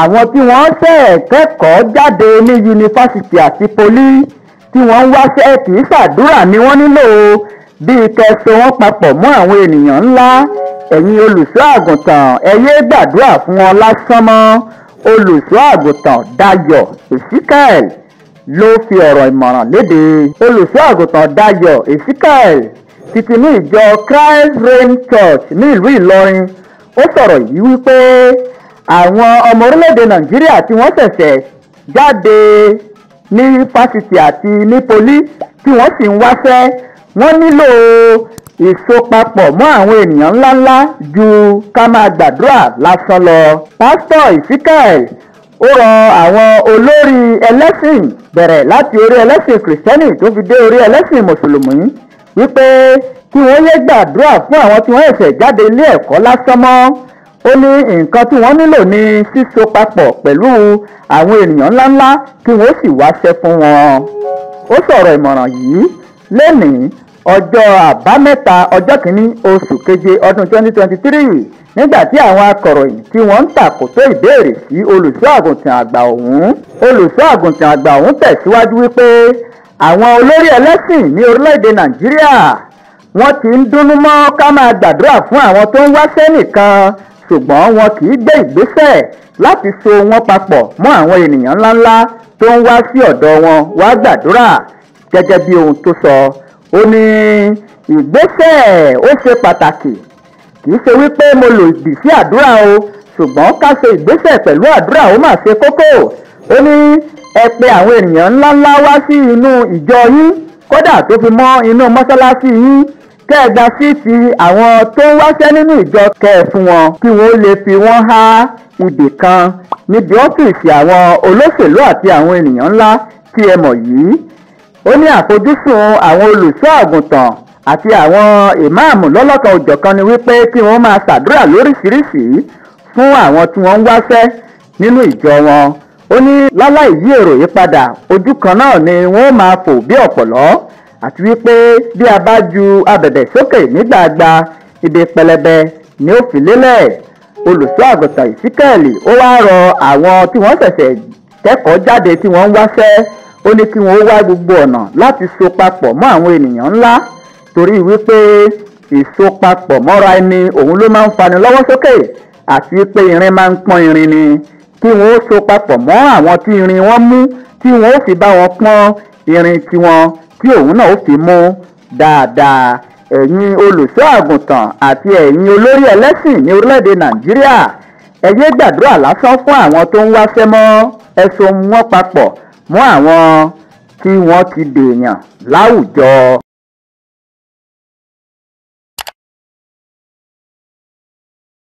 àwọn tí wọ́n ṣẹ̀ kẹ́kọ̀ọ́ jáde ní yunifásitì àti poli tí wọ́n ń wáṣẹ́ kì í ṣàdúrà ni wọ́n nílò bíi kẹsọ wọn papọ̀ mọ́ àwọn ènìyàn ńlá ẹ̀yin olùṣọ́ àgùntàn ẹ yé gbàdúrà fún wọn lásán mọ́ olùṣọ́ àgùntàn Dayọ̀ Ezekiel ló fi ọ̀rọ̀ ìmọ̀ràn léde olùṣọ́ àgùntàn Dayọ̀ Ezekiel tìtìmí ìjọ Christ Reign Church ní ìlú Ìlọrin ó sọ̀rọ̀ yìí wípé àwọn ọmọ orílẹ̀-èdè nàìjíríà tí wọ́n ṣẹ̀ṣẹ̀ jáde ní fásitì àti ní poli tí wọ́n sì ń wáṣẹ́ wọ́n nílò ìsopapọ̀ mọ́ àwọn ènìyàn ńláńlá ju ká máa gbàdúrà lásán lọ. pásítọ̀ ìsíkẹ́ẹ̀ ó rọ àwọn olórí ẹlẹ́sìn bẹ̀rẹ̀ láti orí ẹlẹ́sìn kìrìsìtẹ́nì tó fi dé orí ẹlẹ́sìn mùsùlùmí wípé kí wọ́n yé gbàdúrà fún àwọn tí wọ́n ṣẹ̀ṣẹ̀ jáde ilé ẹ̀kọ́ lásán mọ́ ó ní nǹkan tí wọ́n nílò ní síso papọ̀ pẹ̀lú àwọn ènìyàn ńláńlá kí wọ́n sì wáṣẹ́ fún wọn. ó sọ̀rọ̀ ìmọ̀ràn yìí lẹ́nìí ọjọ́ àbámẹ́ta ọjọ́ kìíní oṣù keje ọdún 2023 nígbà tí àwọn akọ̀ròyìn tí wọ́n ń tàkótó ìbéèrè sí olùṣọ́ àgùntàn àgbà ọ̀hún olùṣọ́ àgùntàn àgbà ọ̀hún tẹ̀síwájú wípé àwọn olórí ẹlẹ́sìn ní orílẹ̀-èdè nàìjíríà wọ́n ti ń dúnnú mọ́ ká máa gbàdúrà fún àwọn tó ń wáṣẹ́ nìkan ṣùgbọ́n wọn kì í gbé ìgbésẹ̀ láti so wọn papọ̀ mọ́ àwọn ènìyàn ńláńlá tó ń wá sí ọ̀dọ̀ wọn wá gbàdúrà gẹ́gẹ́ bí ohun tó sọ ó ní ìgbésẹ̀ ó ṣe pàtàkì kì í ṣe wípé mo lòdì sí àdúrà o ṣùgbọ́n ká ṣe ìgbésẹ̀ pẹ̀lú àdúrà ó mà ṣe kókó ó ní ẹ pè àwọn ènìyàn ńláńlá wá sí inú ìjọ yín kódà tó fi mọ́ inú mọ́ṣáláṣí yín kẹ́ ẹ gba fíìsì àwọn tó ń wáṣẹ́ nínú ìjọ kẹ́ ẹ fún wọn kí wọ́n lè fi wọ́n há ibì kan níbi ọ́fíìsì àwọn olóṣèlú àti àwọn ènìyàn ńlá tí ẹ mọ̀ yìí ó ní àfojúsùn àwọn olùṣọ́ àgùntàn àti àwọn ìmáàmù lọ́lọ́kan òjọ̀kan ni wípé kí wọ́n máa ṣàdúrà lóríṣìíríṣìí fún àwọn tí wọ́n ń wáṣẹ́ nínú ìjọ wọn ó ní láláì yí èrò yí padà ojú kan náà ni wọ́n máa fò bí ọ̀pọ̀lọ́ àti wípé bí a bá ju abẹ̀bẹ̀ sókè nígbàgbà ibi pẹlẹbẹ ni ó fi lélẹ̀ olùṣọ́ àgùntàn ìsíkẹ́ẹ̀lì ó wá rọ àwọn tí wọ́n ṣẹ̀ṣẹ̀ kẹ́kọ̀ọ́ jáde tí wọ́n ń wáṣẹ́ ó ní kí wọ́n wá gbogbo ọ̀nà láti so papọ̀ mọ́ àwọn ènìyàn ńlá torí wípé ìsopapọ̀ mọ́ra ẹni òun ló máa ń fani lọ́wọ́ sókè àti wípé irin máa ń pọ́n irin ni kí wọ́n so papọ̀ mọ́ àwọn tí irin wọn mú tí wọ́n ó fi bá wọn pọ́n irin tiwọn tí òun náà ó fi mú dáadáa ẹ̀yin olùṣọ́ àgùntàn àti ẹ̀yin olórí ẹlẹ́sìn ní orílẹ̀-èdè nàìjíríà ẹ yé gbàdúrà lásán fún àwọn tó ń wáṣẹ́ mọ́ ẹ̀sùn wọn papọ̀ mọ́ àwọn tí wọ́n ti dèèyàn láwùjọ.